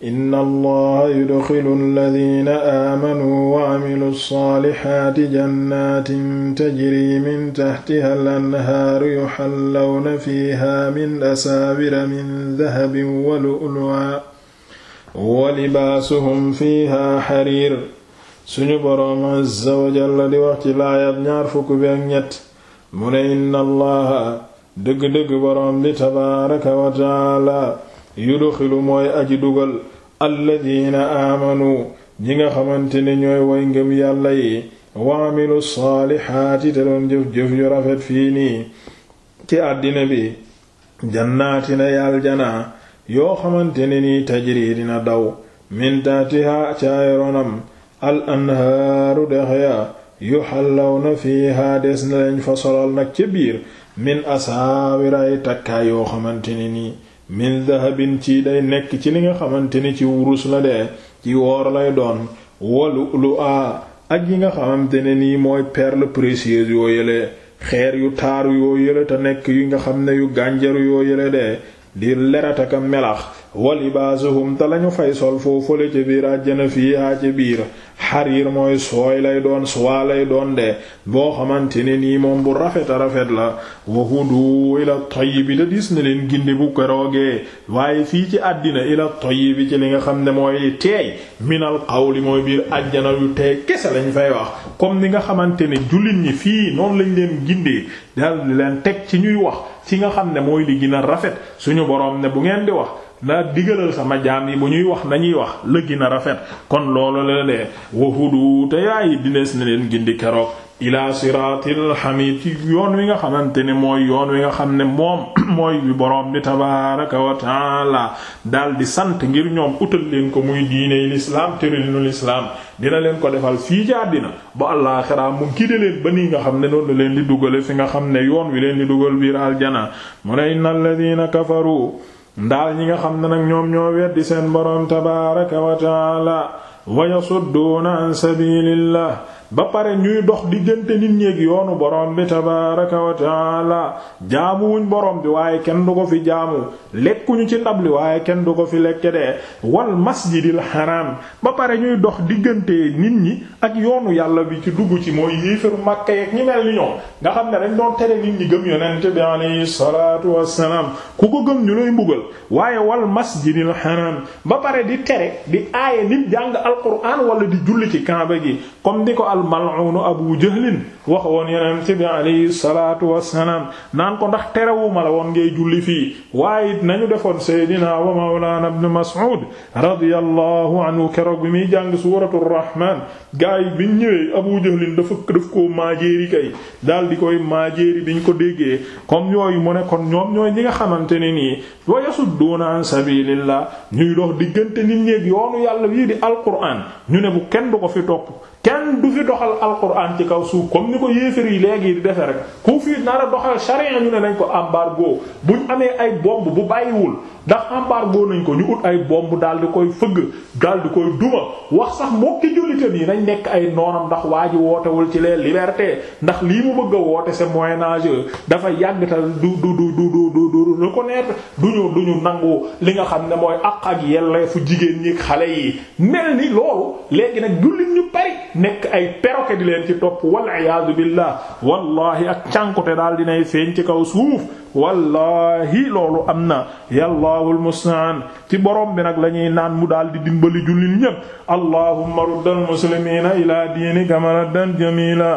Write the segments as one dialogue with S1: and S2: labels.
S1: inna allaha yudxilu alladina aamanuu wa amilu lsaalixaati jannatin tajri min taxtiha al anhaaru yuxallawna fiiha min asaawira min dahabin wa lu'lu'a wa libaasuhum fiiha xariir suñu boroom azza wa jalla di wax ci laayab ñaar fukk bi ak ñett mu ne inna allaha dëgg-dëgg boroom bi tabaaraka wa taala yudxilu mooy aji dugal alladina aamanu ñi nga xamante ne ñooy way ngëm yàlla yi wa amilu saalihaati te jëf yu rafet fii nii ci àddina bi jannaati na yàll yoo xamante ne nii tajri dina daw min taatiha caayaronam fa solal nag ca biir min asaawiraay takkaay yoo xamante ne nii min dahabin ci day nekk ci li nga xamante ni ci wurus la de ci woor lay doon walu lu a ak yi nga xamante ne nii mooy perle précieuse yoo yële xeer yu taaru yoo yële te nekk yi nga xam ne yu gànjaru yoo yële de di leratakam melax wa libaasuhum te lañu fay sol foofu la ca biir àjjana fiihaa ca biir xariir mooy sooy lay doon suwaa lay doon de boo xamante ne nii moom bu rafet a rafet la wa hudu ila tayyibi te dis na leen gindi bu keroogee waaye fii ci àddina
S2: ila bi ci li nga xam ne mooy teey minal qawli mooy biir àjjana yu teey kese lañ fay wax comme ni nga xamante ne jullit ñi fii noonu lañ leen gindee dal leen teg ci ñuy wax ci nga xam ne mooy li gën rafet suñu boroom ne bu ngeen di wax naa digalal sama jaam yi bu ñuy wax nañuy wax lëggi na rafet kon loolu la dee wahudu te yaayi dinees na leen gindi keroog ila siratil hamid ci yoon wi nga xamante ne mooy yoon wi nga xam ne moom mooy bi boroom bi tabaraka wa taala daal di sant ngir ñoom utal leen ko muy diiney lislaam tëralinu lislaam dina leen ko defal fii ci àddina ba àllaaxira mu gide leen ba nii nga xam ne noonu leen di dugale fi nga xam ne yoon wi leen di dugal biir aljana mu ne inna ndaal ñi nga xam ne nag ñoom ñoo weddi seen boroom tabaaraka wa taala wa yasudduuna an sabilillah ba pare ñuy dox diggante nit ñéeg yoonu borom bi tabaaraka wa taala jaamuwuñ borom bi waaye kenn du ko fi jaamu lekkuñu ci ndab li waaye kenn du ko fi lekke de wal masjidil haram ba pare ñuy dox diggante nit ñi ak yoonu yàlla bi ci dugg ci mooy yéefaru Makka yeeg ñi mel ni ñoom nga xam ne dañ doon tere nit ñi gëm yonent bi alayhi salaatu wassalaam ku ko gëm ñu lay mbugal waaye wal masjidil haram ba pare di tere di aaye nit jàng alquran wala di julli ci kaaba gi comme di ko al mal'un abu jahlin waxoon yonent bi alayhi salaatu wassalaam naan ko ndax terewuma la woon ngay julli fii defoon seydina wa mawlaana ibn Mas'ud radiyallahu keroog bi muy jàng suuratu rahmaan gaay bi ñëwee Abu Jahlin dafa daf koo maajeeri kay daal di koy maajeeri ñu ko déggee comme yooyu mu ne kon ñoom ñooy ñi nga xamante ne nii wa yasudduuna an sabiilillah ñuy dox diggante nit ñeek yoonu yàlla yii di alquraan ñu ne bu kenn du ko fi topp kenn du fi doxal alquran ci kaw suuf comme ni ko yéefar yi léegi di defe rek ku fi nar a doxal charia ñu ne nañ ko embargo buñ amee ay bomb bu bàyyiwul ndax embargo nañ ko ñu ut ay bomb daal di koy fëgg daal di koy duma wax sax mbokki jullitan yi nañ nekk ay noonam ndax waa ji wootewul ci les libertés ndax lii mu bëgg a woote c'est moyen âge dafa yàgg tal du du du du du du reconnaître du ñu du ñu nangu li nga xam ne mooy ak ak yelleefu jigéen ñi xale yi mel ni loolu léegi nag jullit ñu bari nekk ay perroquet yi leen ci topp wal iyaadu billah wallahi ak cànkute daal dinay feeñ ci kaw suuf wallahi loolu am na yallaahu almustaan ci borom bi nag la ñuy naan mu daal di dimbali jullit ñépp allahumma ruddal muslimiina ila diinika maraddan jamila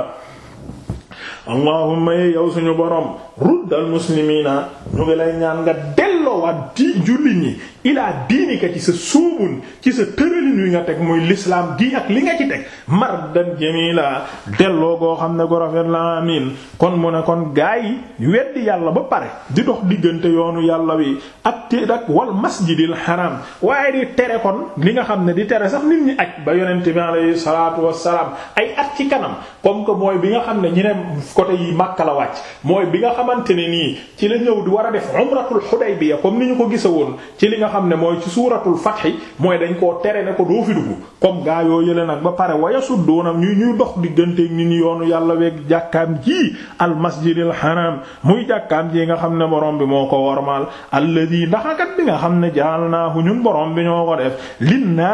S2: allahumma yow suñu borom ruddal muslimiina ñu ngi lay ñaan nga del waa di jullit ñi ilaa diinika ci sa suubun ci sa tëralin wi nga teg muy lislaam gi ak li nga ci teg mardan jamila delloo goo xam ne gu rafet la amin kon mu ne kon gaa yi weddi yàlla ba pare di dox diggante yoonu yàlla wi ak te ak wal masjidil haram waaye di tere kon li nga xam ne di tere sax nit ñi aj ba yonent bi alayhi salaatu wassalaam ay at ci kanam comme que mooy bi nga xam ne ñu ne côté yi Makka la wàcc mooy bi nga xamante nii ci la ñëw di war a def umratul Hudaybiya ni ñu ko gisa woon ci li nga xam ne mooy ci suuratul Fath mooy dañ koo tere ne ko doo fi dugg comme gaa yoo yële nag ba pare waya suddoonam ñu ñuy dox digganteeg nit ñi yoonu yàlla weeg jàkkaam ji al masjidil haram muy jàkkaam ji nga xam ne borom bi moo ko wormaal alladi ndaxakat bi nga xam ne naa jaalnaahu ñun borom bi ñoo ko def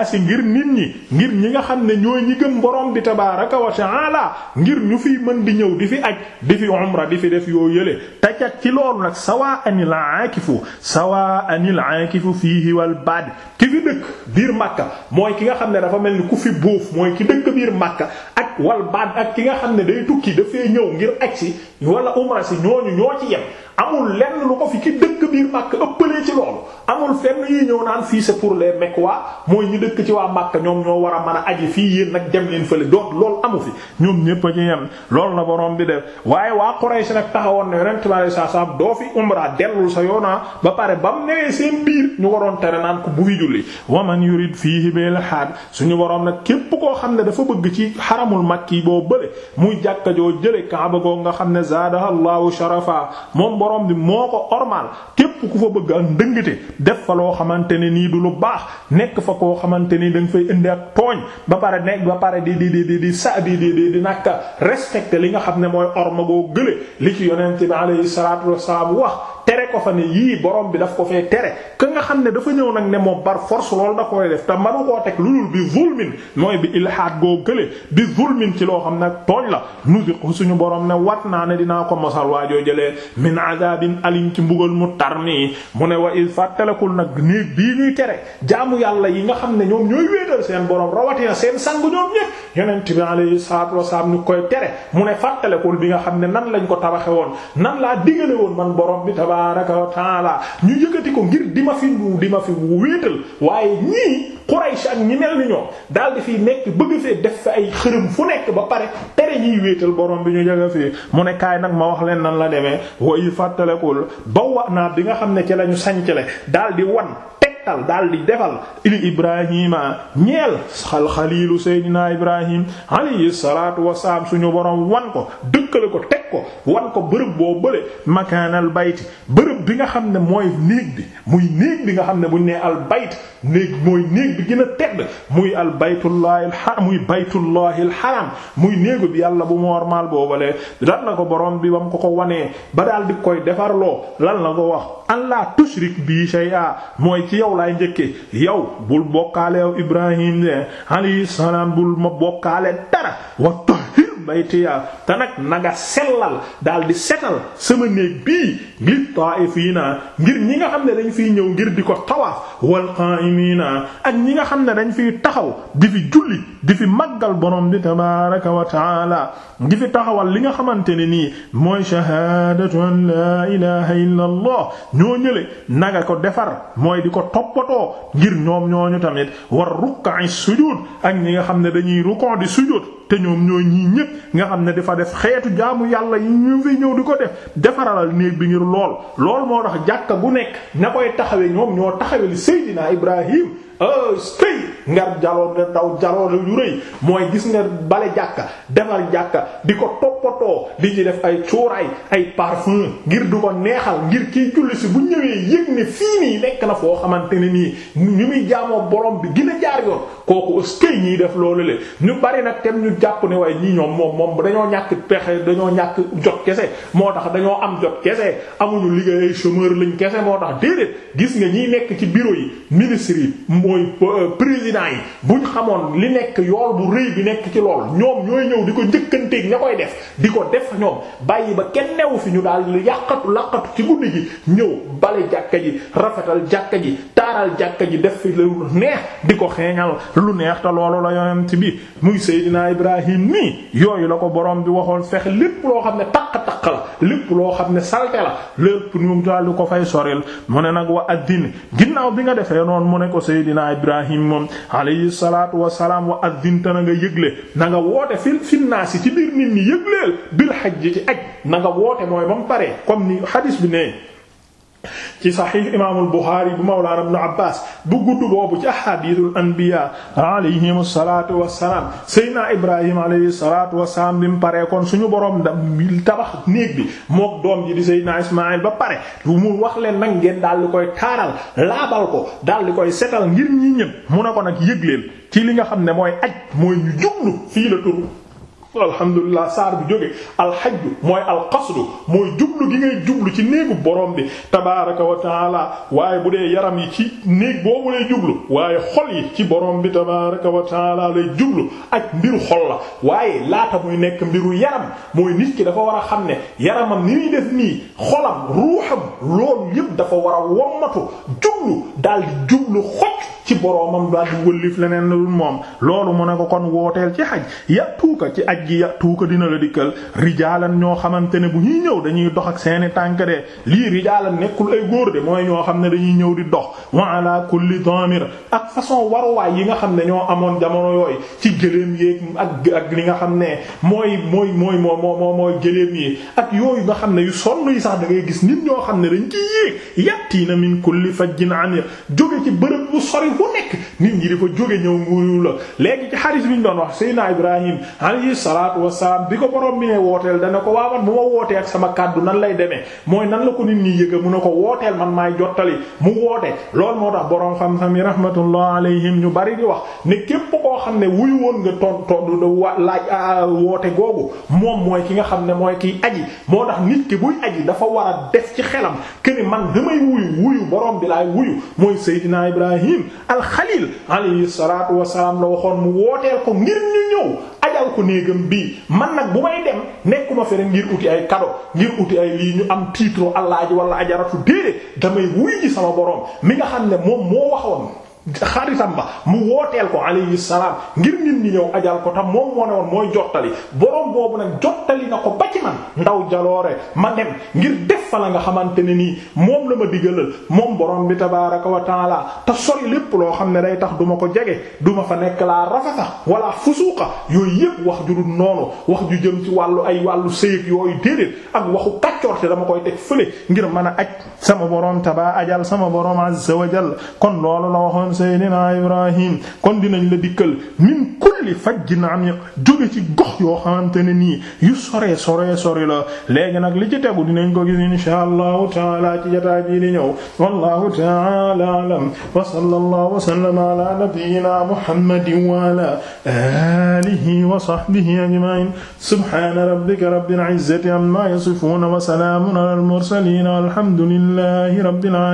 S2: si ngir nit ñi ngir ñi nga xam ne ñooy ñi gëm borom bi tabaaraka wa ta'ala ngir ñu fi mën di ñëw di fi aj di di fi yoo yële ca ci loolu nag sawaa anil aakifu sawaa anil aakifu fiihi wal baad ki fi dëkk biir Makka mooy ki nga xam ne dafa mel ni ku fi buuf mooy ki dëkk biir Makka ak wal baat ak ki nga xam ne day tukki dafay ñëw ngir agsi wala umra si ñooñu ñoo ci yem amul lenn lu ko fi ki dëkk biir Makka ëppalee ci loolu amul fenn yuy ñëw naan fii c'est pour les Mecquois mooy ñi dëkk ci waa Makka ñoom ñoo war a mën a aji fii yéen nag dem leen fële donc loolu amu fi ñoom ñépp a ci yem loolu la borom bi def waaye waa Quraysh nag taxawoon na Yonent bi sallallahu alayhi wasallam doo fi umra dellul sa yoonaa ah. ba pare bam seen biir ñu waroon tere naan ko bu fi julli bi wa man yurid fiihi bil haad suñu boroom nag képp koo xam ne dafa bëgg ci xaramul makki boo bële muy jàkka joo jële kaaba goo nga xam ne zaadaha allahu sharafa moom boroom bi moo ko ormal képp ku fa bëgg ak ndëngte def fa loo xamante ne nii du lu baax nekk fa koo xamante ni da fay indi ak tooñ ba pare nekk ba pare di di di di sa di di di naka respecté li nga xam ne mooy orma goo gële li ci yonent bi alayhi salaatu wassalaam wax tere ko fa ne yii borom bi daf ko fee tere ka nga xam ne dafa ñëw nag ne moom par force loolu da koy def te manu koo teg lulul bi zulmin mooy bi ilhaad goo gële bi zulmin ci loo xam ne tooñ la nuziqu suñu borom ne wat naa ne dinaa ko mosal waajoo jëlee min azabin alim ci mbugal mu tar nii mu ne wa il fàttalekul nag néeg bii ñuy tere jaamu yàlla yi nga xam ne ñoom ñooy wéetal seen borom rawatina seen sang ñoom ñëpp yonent bi alayhi salaatu wasalaam ñu koy tere mu ne fàttalekul bi nga xam ne nan lañ ko tabaxe woon nan laa digale woon man borom bi tabaaraka wa taala ñu yëkkati ko ngir di ma fi di ma fi wéetal waaye ñii Quraysh ak ñi mel ni ñoom daal di fiy nekk bëgg fee def fa ay xërëm fu nekk ba pare tere ñiy wéetal borom bi ñu yëga fii mu nekkaay nag ma wax leen nan la demee woy fàttalekul ba wa naa bi nga xam ne ci lañu sañcale daal di wan tegtal daal di defal ili ibrahima ñeel xal xaliilu seydinaa ibrahim alayhi salaatu wasalaam suñu borom wan ko dëkkale ko teg ko wan ko bërëb boo bële makaanal bayti bërëb bi nga xam ne mooy néeg bi muy néeg bi nga xam ne buñ nee al bayt néeg mooy néeg bi gën a tedd muy al baytullahi muy baytullahi al haram muy néegu bi yàlla bu normal boobalee lan la ko borom bi bam ko ko wanee ba daal di koy defarloo lan la ko wax an tushrik bi shay'a mooy ci yow yow laay njëkkee yow bul bokkaale yow Ibrahim de alayhi salaam bul ma bokkaale dara wa baytiya te nag na nga sellal daal di setal sama néeg bii li ta'ifiina ngir ñi nga xam ne dañ fi ñëw ngir di ko tawaaf wal qa'imina ak ñi nga xam ne dañ fi taxaw di fi julli di fi màggal borom bi tabaaraka wa taala di fi taxawal li nga xamante ne nii mooy shahaadatu an laa ilaha illa ñoo ñële naga ko defar mooy di ko toppatoo ngir ñoom ñooñu tamit war rukka'i sujud ak ñi nga xam ne dañuy rukkoo di sujud te ñoom ñoo ñii ñépp nga xam ne dafa def xeetu jaamu yàlla yi ñu fi ñëw di ko def defaralal néeg bi ngir lool lool moo tax jàkka bu nekk ña koy taxawee ñoom ñoo taxawee li Seydina Ibrahim ëskëy oh, ngar jaloo ne ndaw jaloo yu rëy mooy gis nga bale jàkka defar jàkka di ko toppatoo di ci def ay cuuraay ay parfum ngir du ko neexal ngir kiy julli si bu ñëwee yëg ne fii nii nekk na foo xamante ne nii ñu muy jaamoo borom bi gën a jaar yoon kooku ëskëy ñiy def loolu le ñu bari nag tem ñu jàpp ne waaye ñii ñoom moom moom dañoo ñàkk pexe dañoo ñàkk jot kese moo tax dañoo am jot kese amuñu liggéey ay chômeur lañ kese moo tax déedéet gis nga ñiy nekk ci bureau yi ministre yi mooy euh, président yi buñ xamoon li nekk yool bu rëy bi nekk ci lool ñoom ñooy ñëw di ko njëkkanteeg ña koy def di ko def ñoom bàyyi ba kenn newu fi ñu daal yàqatu làqatu ci guddi gi ñëw bale jàkka ji rafetal jàkka ji taaral jàkka ji def fi lu neex di ko xeeñal lu neex te loolu la yonent bi muy Seydina Ibrahim nii yooyu la ko borom bi waxoon fexe lépp loo xam ne taq-taq la lépp loo xam ne salte la lépp ñoom daal di ko fay soril mu ne nag wa seydinaa ibrahim moom alayhi salaatu wassalaam wa addinta na nga yëgle na nga woote fil finnaasi ci biir nit ñi yëgleel bil hajj ci aj na nga woote mooy bam pare paree comme ni hadis bi ne ci saxiix imaamul Buxaari bu Mawlaana Ibnu Abbaas bu gudd boobu ci ahaadiisul anbiyaa alayhimu salaatu wassalaam Seydina Ibrahima alayhi salaatu wassalaam bi mu paree kon suñu borom da tabax néeg bi mook doom ji di Seydina Ismaayil ba pare lu mu wax leen nag ngeen daal di koy taaral laabal ko daal di koy setal ngir ñi ñëpp mu ne ko nag yëg leen ci li nga xam ne mooy aj mooy ñu fii la turu alhamdulilah saar bu jóge alxajju mooy alqasdu mooy jublu gi ngay jublu ci néegu borom bi tabaaraka wa waaye bu dee yaram yi ci néeg boobu lay jublu waaye xol yi ci borom bi tabaaraka wa lay jublu ak mbiru xol la waaye laata muy nekk mbiru yaram mooy nit ki dafa war a xam ne yaramam ni muy def nii xolam ruuxam loolu yëpp dafa war a wommatu jublu daal di jublu xoj ci boromam daal di wëllif leneen lu moom loolu mu ne ko kon wooteel ci xaj aj gi tuuka dina la dikkal rijaalan ñoo xamante ne bu ñuy ñëw dañuy dox ak seeni tànk de lii rijaalan nekkul ay góor de mooy ñoo xam ne dañuy ñëw di dox wa ala kulli damir ak façon waruwaay yi nga xam ne ñoo amoon jamono yooyu ci gëléem yéeg ak ak li nga xam ne mooy mooy mooy moo moo moo mooy gëléem yi ak yooyu nga xam ne yu sonn yi sax dangay gis nit ñoo xam ne dañ ciy yéeg yattiina min kulli fajjin amir jóge ci bërëb bu sori bu nekk nit ñi dafa jóge ñëw nguuru la léegi ci hadith bi doon wax sayna Ibrahim salaatu wassalaam bi ko borom bi ne wooteel dana ko waaw man ma wootee ak sama kàddu nan lay demee mooy nan la ko nit ñi yëga mu ne ko wooteel man maay jottali mu woote lool moo tax borom xam-xam yi rahmatullah alayhim ñu bari di wax ne képp koo xam ne wuyu woon nga ton ton laaj woote googu moom mooy ki nga xam ne mooy kiy aji moo tax nit ki buy yi dafa war a def ci xelam kene man damay wuyu wuyu borom bi laay wuyu mooy Seydina Ibrahim al Khalil alayhi salaatu wassalaam la waxoon mu wooteel ko ngir ñu ñëw ko néegam bii man nag bu may dem nekkuma fere ngir uti ay kado ngir uti ay lii ñu am titre allaaji wala ajaratu déedéet damay wuy ji sama borom mi nga xam ne moom moo waxoon xaritam ba mu wooteel ko alayhi salaam ngir nit ñi ñëw ajal ko tam moom moo ne woon mooy jottali borom boobu nag jottali na ko ba ci man ndaw jaloore ma dem ngir def fa la nga xamante ne nii moom la ma digalal moom borom bi tabaaraka wa taala te sori lépp loo xam ne day tax duma ko jege du ma fa nekk laa rafata wala fusuuqa yooyu yëpp wax ju dul noonu wax ju jëm ci wàllu ay wàllu sëyëg yooyu déedéet ak waxu kaccoor te dama koy teg fële ngir mën a aj sama borom ajal sama borom azza kon seydinaa ibrahim kon dinañ la dikkal min kulli fajjin amiq jóge ci gox yoo xamante ne nii yu soree soree sori la léegi nag li ci tegu dinañ ko gis inshaa
S1: allahu taala ci jataa ji di ñëw wallahu taala alam wa sallallahu wa sallama ala nabiyyina muhammadin wa ala alihi wa sahbihi
S2: ajma'in subhana rabbika rabbil izzati amma yasifun wa salamun ala al mursalin walhamdulillahi rabbil alamin